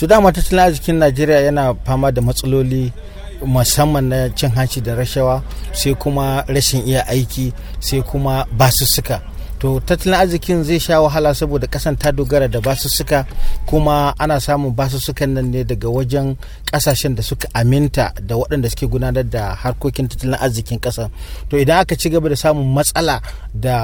to dama tattalin arzikin najeriya yana fama da matsaloli musamman na cin hanci da rashawa sai kuma rashin iya aiki sai kuma basussuka to tattalin arzikin zai sha wahala saboda kasan ta dogara da basussuka kuma ana samun basussukan nan ne daga wajen kasashen da suka aminta da waɗanda suke gudanar da harkokin tattalin arzikin kasa to idan aka ci gaba da samun matsala da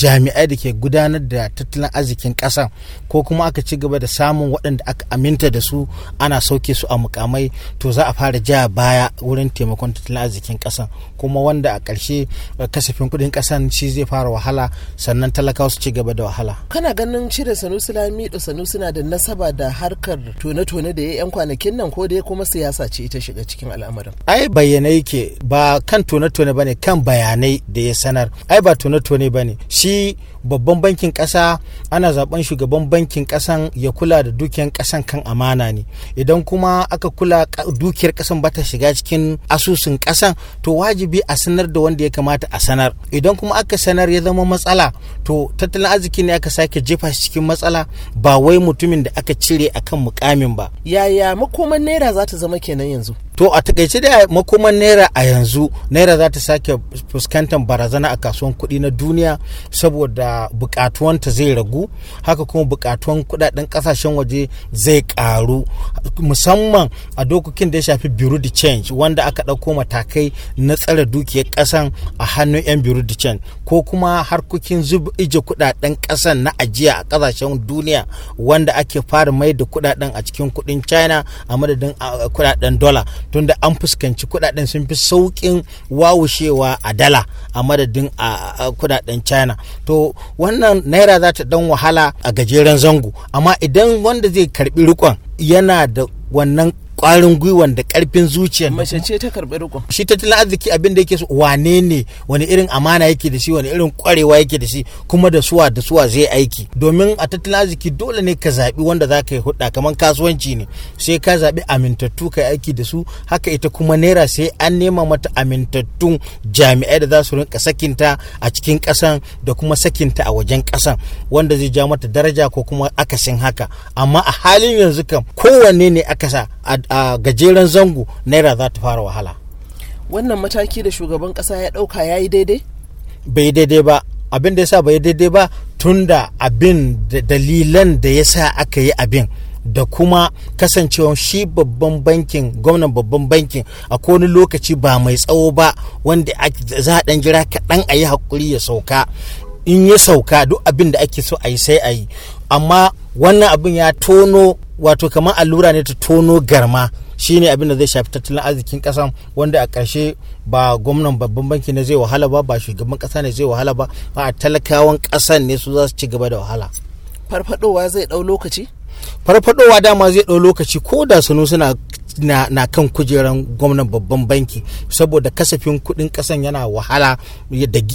jami'ai da ke gudanar da tattalin arzikin kasa ko kuma aka ci gaba da samun waɗanda aka aminta da su ana sauke su a mukamai to za a fara ja baya wurin taimakon tattalin arzikin ƙasa kuma wanda a ƙarshe eh, kasafin kuɗin ƙasan shi zai fara wahala sannan sannan talakawa su ci gaba da wahala kana ganin cire sanusi lami da sanusi na da nasaba da harkar tone-tone da ya yan kwanakin nan ko dai kuma siyasa ce ita shiga cikin al'amarin ai bayyana yake ba kan tone-tone bane kan bayanai da ya sanar ai ba tone-tone bane shi babban bankin ƙasa ana zaben shugaban bankin ƙasan ya kula da dukiyar kasan kan amana ne idan kuma aka kula dukiyar ƙasan bata shiga cikin asusun ƙasan to wajibi a sanar da wanda ya kamata a sanar idan kuma aka sanar ya zama matsala to tattalin arziki ne aka sake jefa shi cikin matsala ba wai mutumin da aka cire akan mukamin ba yaya makoman naira za ta zama kenan yanzu to a takaice da makoman naira a yanzu naira za ta sake fuskantar barazana a kasuwan kuɗi na duniya saboda bukatuwanta zai ragu haka kuma bukatuwan kuɗaɗen ƙasashen waje zai ƙaru musamman a dokokin da ya shafi bureau de change wanda aka ɗauko matakai na tsare dukiyar ƙasan a hannun 'yan bureau de change ko kuma harkokin zuba ije kuɗaɗen ƙasan na ajiya a ƙasashen duniya wanda ake fara mai da kuɗaɗen a cikin kuɗin china a madadin kuɗaɗen dola tunda an fuskanci kudaden sun fi saukin wawushewa a dala a madadin a kudaden china to wannan naira za ta dan wahala a gajeren zango amma idan wanda zai karbi rikon yana da wannan kwarin gwiwan da karfin zuciya mace ce ta karbi riko shi tattalin arziki abin da yake wane ne wani irin amana yake da shi wani irin kwarewa yake da shi kuma da suwa da suwa zai aiki domin a tattalin arziki dole ne ka zabi wanda za ka yi hudda kamar kasuwanci ne sai ka zabi amintattu ka aiki da su haka ita kuma naira sai an nema mata amintattun jami'ai da za su rinka sakinta a cikin kasan da kuma sakinta a wajen kasan wanda zai ja mata daraja ko kuma akasin haka amma a halin yanzu kam kowanne ne aka sa a gajeren zango naira za ta fara wahala wannan mataki da shugaban kasa ya dauka ya yi daidai bai daidai ba abin da ya sa bai daidai ba tun da abin dalilan da ya sa aka yi abin da kuma kasancewa shi babban bankin gwamnan babban bankin a kowane lokaci ba mai tsawo ba wanda za a dan jira kaɗan a yi hakuri ya sauka in ya sauka duk abin da ake so a yi sai a yi amma wannan abin ya tono wato kamar allura ne ta tono garma ne abin da zai shafi tattalin arzikin kasan wanda a ƙarshe ba gwamnan babban banki ne zai wahala ba ba shugaban ƙasa ne zai wahala ba a talakawan ƙasan ne su za su ci gaba da wahala farfadowa zai ɗau lokaci farfadowa dama zai ɗau lokaci ko da sunu suna na, na kan kujeran gwamnan babban banki saboda kasafin kuɗin kasan yana wahala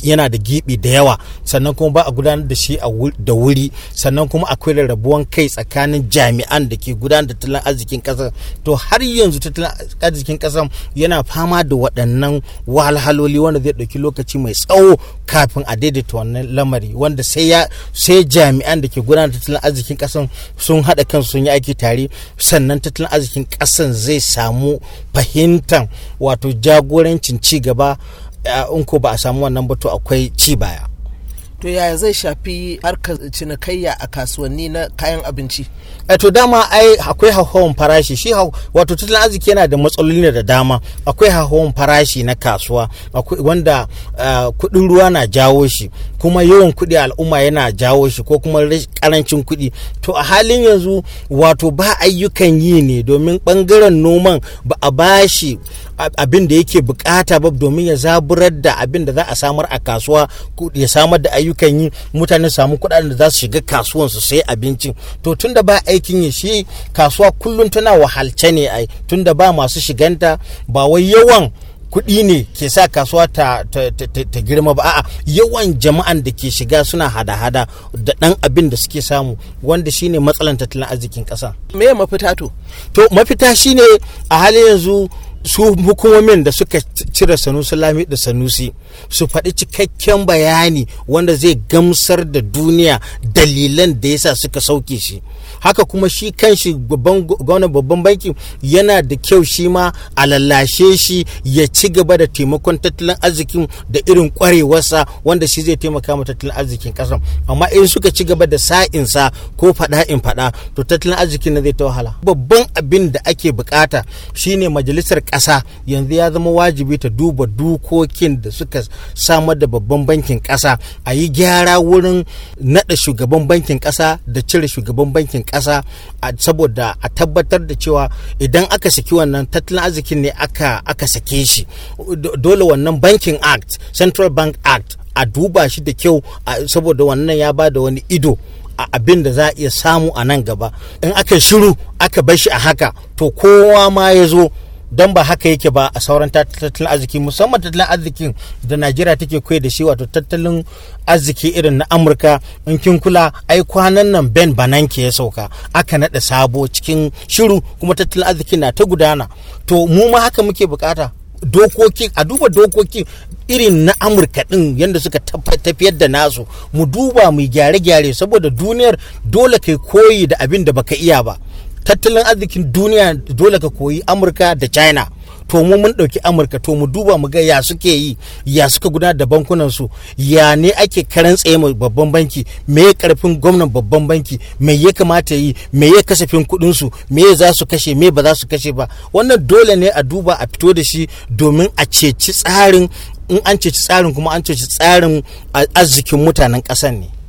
yana da gibi da yawa sannan kuma ba a gudanar da shi da wuri sannan kuma akwai rarrabuwan kai tsakanin jami'an da ke gudanar da tattalin arzikin ƙasar to har yanzu tattalin arzikin ƙasar yana fama da waɗannan wahalhaloli wanda zai ɗauki lokaci mai tsawo kafin a daidaita wannan lamari wanda sai ya sai jami'an da ke gudanar da tattalin arzikin ƙasar sun haɗa kansu sun yi aiki tare sannan tattalin arzikin ƙasar zai zai samu fahimtar wato jagorancin ci gaba in ko ba a samu wannan ba to akwai ci baya to yaya zai shafi harkar cinikayya a kasuwanni na kayan abinci eh, to dama ai akwai hauhawan farashi shi wato tattalin arziki yana da matsaloli da dama akwai hauhawan farashi na kasuwa wanda eh, kudin ruwa na jawo shi kuma yawan kuɗi al'umma yana jawo shi ko kuma karancin kuɗi to a halin yanzu wato ba ayyukan yi ne domin ɓangaren noman ba a bashi abin da yake bukata ba domin ya zaburar da abin da za a samar a kasuwa ya samar da ayyukan yi mutane samu kuɗaɗen da za su shiga kasuwan su sai abincin to tun da ba aikin yi shi kasuwa kullum tana wahalce ne ai tun da ba masu shiganta ba wai yawan kuɗi ne ke sa kasuwa ta, girma ba a'a yawan jama'an da ke shiga suna hada-hada da ɗan abin da suke samu wanda shine matsalan tattalin arzikin ƙasa. me mafita to to mafita shine a halin yanzu su hukumomin da suka cire sanusi lami da sanusi su faɗi cikakken bayani wanda zai gamsar da duniya dalilan da yasa suka sauke shi haka kuma shi kanshi gwamnan babban banki yana da kyau shi ma a lallashe shi ya ci gaba da taimakon tattalin arzikin da irin kwarewarsa wanda shi zai taimaka ma tattalin arzikin kasar amma in suka ci gaba da sa'insa ko faɗa in faɗa to tattalin arzikin na zai ta wahala babban abin da ake bukata shine majalisar ƙasa yanzu ya zama wajibi ta duba dukokin da suka samar da babban bankin ƙasa a yi gyara wurin naɗa shugaban bankin kasa da cire shugaban bankin ƙasa saboda a tabbatar da cewa idan aka saki wannan tattalin arzikin ne aka aka sake shi dole wannan banking act central bank act a duba shi da kyau saboda wannan ya ba da wani ido a abin da za a iya samu a nan gaba in aka shiru aka bashi a haka to kowa ma ya zo don ba haka yake ba a sauran tattalin arziki musamman tattalin arzikin da najeriya take kai da shi wato tattalin arziki irin na amurka in kin kula ai kwanan nan ben bananke ya sauka aka naɗa sabo cikin shiru kuma tattalin arziki na ta gudana to mu ma haka muke bukata dokoki a duba dokoki irin na amurka din yadda suka tafiyar da nasu mu duba mu gyare-gyare saboda duniyar dole kai koyi da abin da baka iya ba tattalin arzikin duniya dole ka koyi amurka da china to mu mun ɗauki amurka to mu duba mu ga ya suke yi ya suka gudanar da bankunansu ya ne ake karan tsaye babban banki me ya karfin gwamnan babban banki me ya kamata yi me ya kasafin su me za su kashe me ba za su kashe ba wannan dole ne a duba a fito da shi domin a ceci tsarin in an ceci tsarin kuma an ceci tsarin arzikin mutanen kasan ne